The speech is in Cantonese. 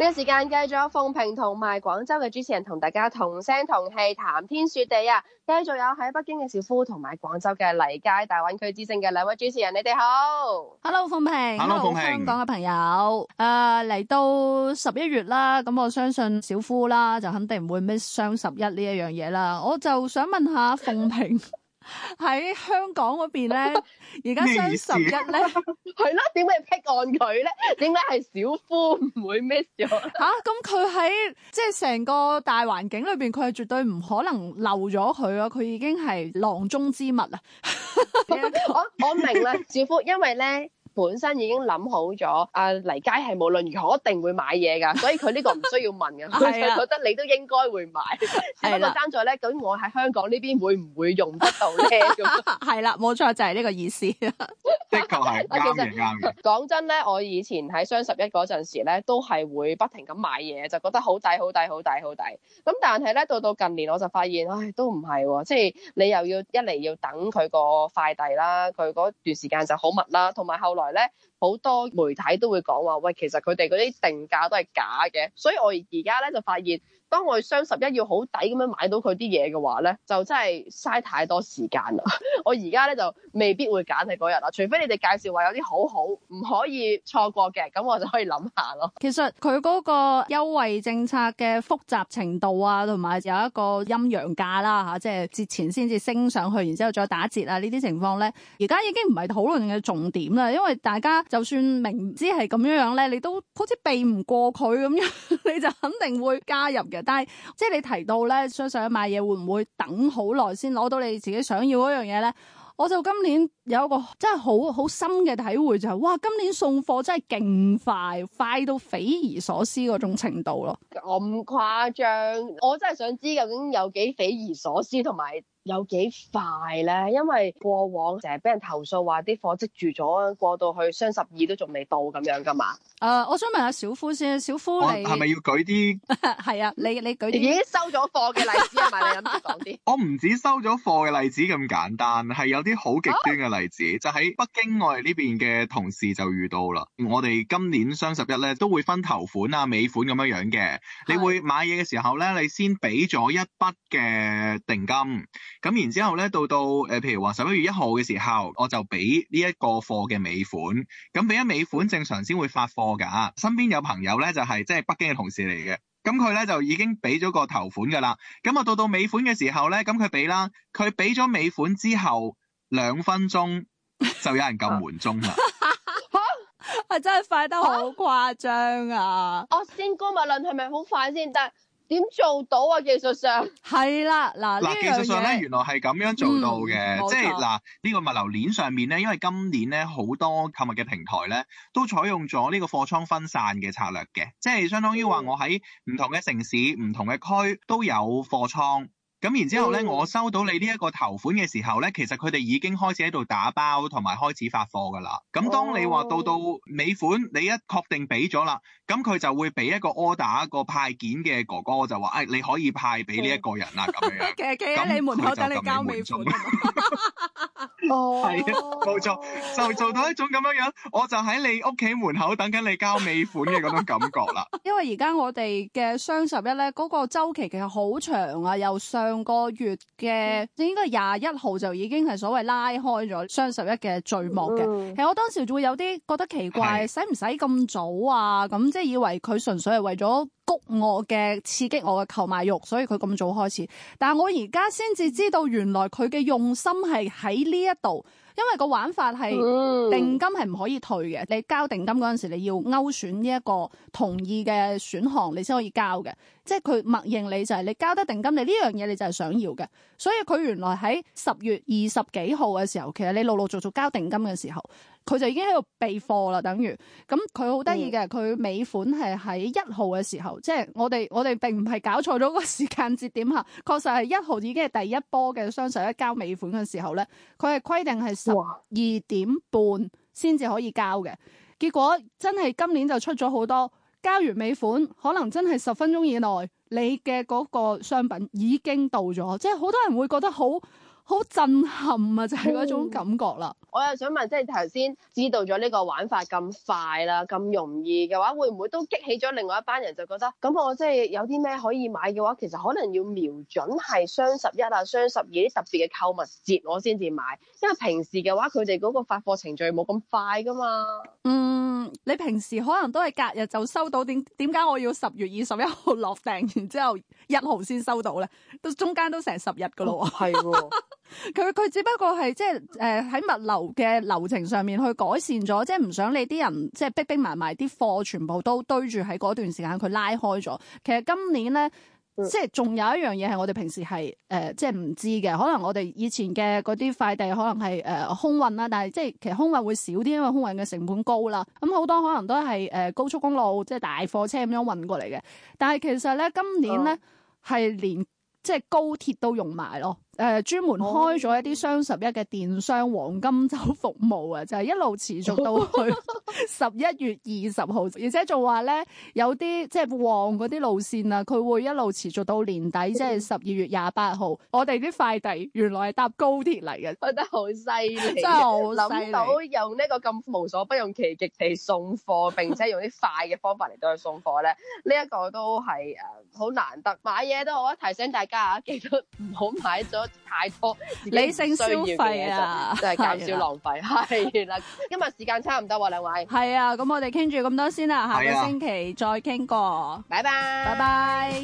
呢個時間繼續有鳳平同埋廣州嘅主持人同大家同聲同氣談天說地啊！繼續有喺北京嘅小夫同埋廣州嘅黎佳大灣區之聲嘅兩位主持人，你哋好。Hello，鳳平。Hello, 平 Hello，香港嘅朋友。誒、uh,，嚟到十一月啦，咁我相信小夫啦就肯定唔會 miss 雙十一呢一樣嘢啦。我就想問下鳳平。 喺香港嗰邊咧，而家雙十一咧，係咯？點解 要劈案佢咧？點解係小夫唔會 miss 咗？吓、啊，咁佢喺即係成個大環境裏邊，佢係絕對唔可能漏咗佢咯。佢已經係囊中之物啦。 我我明啦，小夫，因為咧。本身已經諗好咗，阿黎佳係無論如何一定會買嘢㗎，所以佢呢個唔需要問嘅。佢覺得你都應該會買，係咪個爭在咧？咁我喺香港呢邊會唔會用得到咧？係 啦， 冇錯，就係、是、呢個意思。 的確係啱嘅，啱嘅。講真咧，我以前喺雙十一嗰陣時咧，都係會不停咁買嘢，就覺得好抵、好抵、好抵、好抵。咁但係咧，到到近年我就發現，唉，都唔係喎，即係你又要一嚟要等佢個快遞啦，佢嗰段時間就好密啦，同埋後來。來。好多媒體都會講話，喂，其實佢哋嗰啲定價都係假嘅，所以我而家咧就發現，當我哋雙十一要好抵咁樣買到佢啲嘢嘅話咧，就真係嘥太多時間啦。我而家咧就未必會揀係嗰日啦，除非你哋介紹話有啲好好唔可以錯過嘅，咁我就可以諗下咯。其實佢嗰個優惠政策嘅複雜程度啊，同埋有一個陰陽價啦嚇，即係節前先至升上去，然之後再打折啊，況呢啲情況咧，而家已經唔係討論嘅重點啦，因為大家。就算明知係咁樣樣咧，你都好似避唔過佢咁樣， 你就肯定會加入嘅。但係即係你提到咧，相信買嘢會唔會等好耐先攞到你自己想要嗰樣嘢咧？我就今年有一個真係好好深嘅體會，就係，就係哇，今年送貨真係勁快，快到匪夷所思嗰種程度咯！咁誇張，我真係想知究竟有幾匪夷所思，同埋有幾快咧？因為過往成日俾人投訴話啲貨積，積住咗，過到去雙十二都仲未到咁樣噶嘛？誒、呃，我想問下小夫先，小夫你係咪要舉啲？係 啊，你你舉啲已經收咗貨嘅例子係咪？ 係係你諗住講啲？ 我唔止收咗貨嘅例子咁簡單，係有啲。啲好極端嘅例子，oh? 就喺北京我哋呢邊嘅同事就遇到啦。我哋今年雙十一咧都會分頭款啊、尾款咁樣樣嘅。你會買嘢嘅時候咧，你先俾咗一筆嘅定金，咁然之後咧到到，誒，譬如話十一月一號嘅時候，我就俾呢一個貨嘅尾款。咁俾咗尾款，正常先會發貨噶。身邊有朋友咧就係即係北京嘅同事嚟嘅，咁佢咧就已經俾咗個頭款噶啦。咁啊到到尾款嘅時候咧，咁佢俾啦，佢俾咗尾款之後。兩分鐘 就有人撳門鐘啦，係 真係快得好誇張啊！我先講物流係咪好快先？但係點做到啊？技術上係啦，嗱嗱，喇技術上咧，原來係咁樣做到嘅，嗯、即係嗱呢個物流鏈上面咧，因為今年咧好多購物嘅平台咧都採用咗呢個貨倉分散嘅策略嘅，即係相當於話我喺唔同嘅城市，唔、嗯、唔同嘅區都有貨倉。咁然之後咧，哦、我收到你呢一個頭款嘅時候咧，其實佢哋已經開始喺度打包同埋開始發貨㗎啦。咁當你話到到尾款，你一確定俾咗啦，咁佢就會俾一個 order 一個派件嘅哥哥就話，誒、哎，你可以派俾呢一個人啦咁樣樣。 其實企喺你門口等你交尾款。 哦，係冇 錯，就做到一種咁樣樣，我就喺你屋企門口等緊你交尾款嘅嗰種感覺啦。因為而家我哋嘅雙十一咧，嗰、那個週期其實好長啊，又上。上個月嘅，應該廿一號就已經係所謂拉開咗雙十一嘅序幕嘅。嗯、其實我當時仲會有啲覺得奇怪，使唔使咁早啊？咁即係以為佢純粹係為咗。激我嘅刺激我嘅購買欲，所以佢咁早開始。但係我而家先至知道，原來佢嘅用心係喺呢一度，因為個玩法係定金係唔可以退嘅。你交定金嗰陣時，你要勾選呢一個同意嘅選項，你先可以交嘅。即係佢默認你就係你交得定金，你呢樣嘢你就係想要嘅。所以佢原來喺十月二十幾號嘅時候，其實你陸陸續續交定金嘅時候。佢就已經喺度備貨啦，等於咁佢好得意嘅，佢尾、嗯、款係喺一號嘅時候，即係我哋我哋並唔係搞錯咗個時間節點嚇，確實係一號已經係第一波嘅雙十一交尾款嘅時候咧，佢係規定係十二點半先至可以交嘅。哇結果真係今年就出咗好多交完尾款，可能真係十分鐘以內，你嘅嗰個商品已經到咗，即係好多人會覺得好。好震撼啊！就係、是、嗰種感覺啦、嗯。我又想問，即係頭先知道咗呢個玩法咁快啦，咁容易嘅話，會唔會都激起咗另外一班人就覺得，咁我即係有啲咩可以買嘅話，其實可能要瞄準係雙十一啊、雙十二啲特別嘅購物節，我先至買。因為平時嘅話，佢哋嗰個發貨程序冇咁快噶嘛。嗯，你平時可能都係隔日就收到，點點解我要十月二十一號落訂，然之後一號先收到咧？到中間都成十日噶咯喎。係喎、哦。 佢佢只不過係即係誒喺物流嘅流程上面去改善咗，即係唔想你啲人即係逼逼埋埋啲貨全部都堆住喺嗰段時間，佢拉開咗。其實今年咧、嗯呃，即係仲有一樣嘢係我哋平時係誒即係唔知嘅，可能我哋以前嘅嗰啲快遞可能係誒、呃、空運啦，但係即係其實空運會少啲，因為空運嘅成本高啦。咁好多可能都係誒高速公路即係大貨車咁樣運過嚟嘅，但係其實咧今年咧係、嗯、連，即係高鐵都用埋咯，誒、呃、專門開咗一啲雙十一嘅電商黃金周服務啊，就係、是、一路持續到去， 十一月二十號，而且仲話咧有啲即係旺嗰啲路線啊，佢會一路持續到年底，即係十二月廿八號。我哋啲快遞原來係搭高鐵嚟嘅，覺得好犀利，真係冇諗到用呢個咁無所不用其極地送貨，並且用啲快嘅方法嚟到去送貨咧，呢一 個都係誒好難得。買嘢都好啊，提醒大家啊，記得唔好買咗太多，理性消費啊，真係減少浪費係啦。今日時間差唔多，兩位。係啊，咁我哋傾住咁多先啦，下個星期再傾過，啊、拜拜，拜拜。